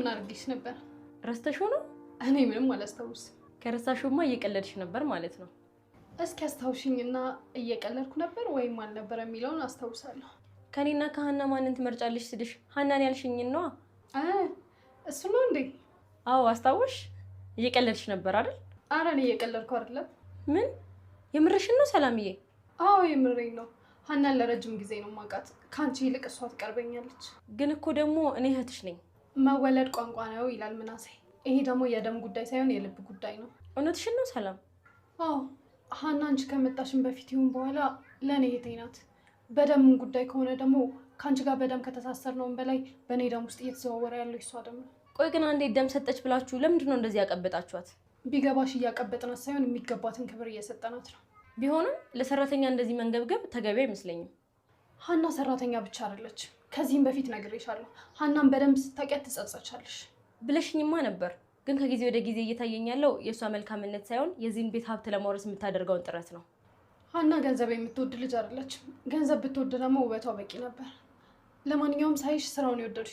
ምን አድርጌሽ ነበር? ረስተሽ ነው? እኔ ምንም አላስታውስም። ከረሳሽማ እየቀለድሽ ነበር ማለት ነው። እስኪ አስታውሽኝና እየቀለድኩ ነበር ወይም አልነበረ የሚለውን አስታውሳለሁ። ከኔና ከሀና ማንን ትመርጫለሽ ስልሽ ሀናን ያልሽኝን ነዋ። እሱ ነው እንዴ? አዎ አስታወሽ። እየቀለድሽ ነበር አይደል? ኧረ እኔ እየቀለድኩ አይደለም። ምን የምርሽን ነው ሰላምዬ? አዎ የምሬን ነው። ሀናን ለረጅም ጊዜ ነው ማቃት ከአንቺ ይልቅ እሷ ትቀርበኛለች። ግን እኮ ደግሞ እኔ እህትሽ ነኝ። መወለድ ቋንቋ ነው ይላል ምናሴ። ይሄ ደግሞ የደም ጉዳይ ሳይሆን የልብ ጉዳይ ነው። እውነትሽን ነው ሰላም። አዎ ሀና አንቺ ከመጣሽን በፊት ይሁን በኋላ ለእኔ እህቴ ናት። በደም ጉዳይ ከሆነ ደግሞ ከአንቺ ጋር በደም ከተሳሰር ነውን በላይ በእኔ ደም ውስጥ እየተዘዋወረ ያለው እሷ ደም ነው። ቆይ ግን አንዴ ደም ሰጠች ብላችሁ ለምንድን ነው እንደዚህ ያቀበጣችኋት? ቢገባሽ እያቀበጥናት ሳይሆን የሚገባትን ክብር እየሰጠናት ነው። ቢሆንም ለሰራተኛ እንደዚህ መንገብገብ ተገቢ አይመስለኝም። ሀና ሰራተኛ ብቻ አይደለች። ከዚህም በፊት ነግሬሻለሁ። ሀናን በደንብ ስታውቂያት ትጸጸቻለሽ ብለሽኝማ ነበር። ግን ከጊዜ ወደ ጊዜ እየታየኝ ያለው የእሷ መልካምነት ሳይሆን የዚህን ቤት ሀብት ለማውረስ የምታደርገውን ጥረት ነው። ሀና ገንዘብ የምትወድ ልጅ አይደለች። ገንዘብ ብትወድ ደግሞ ውበቷ በቂ ነበር። ለማንኛውም ሳይሽ ስራውን ይወደድሽ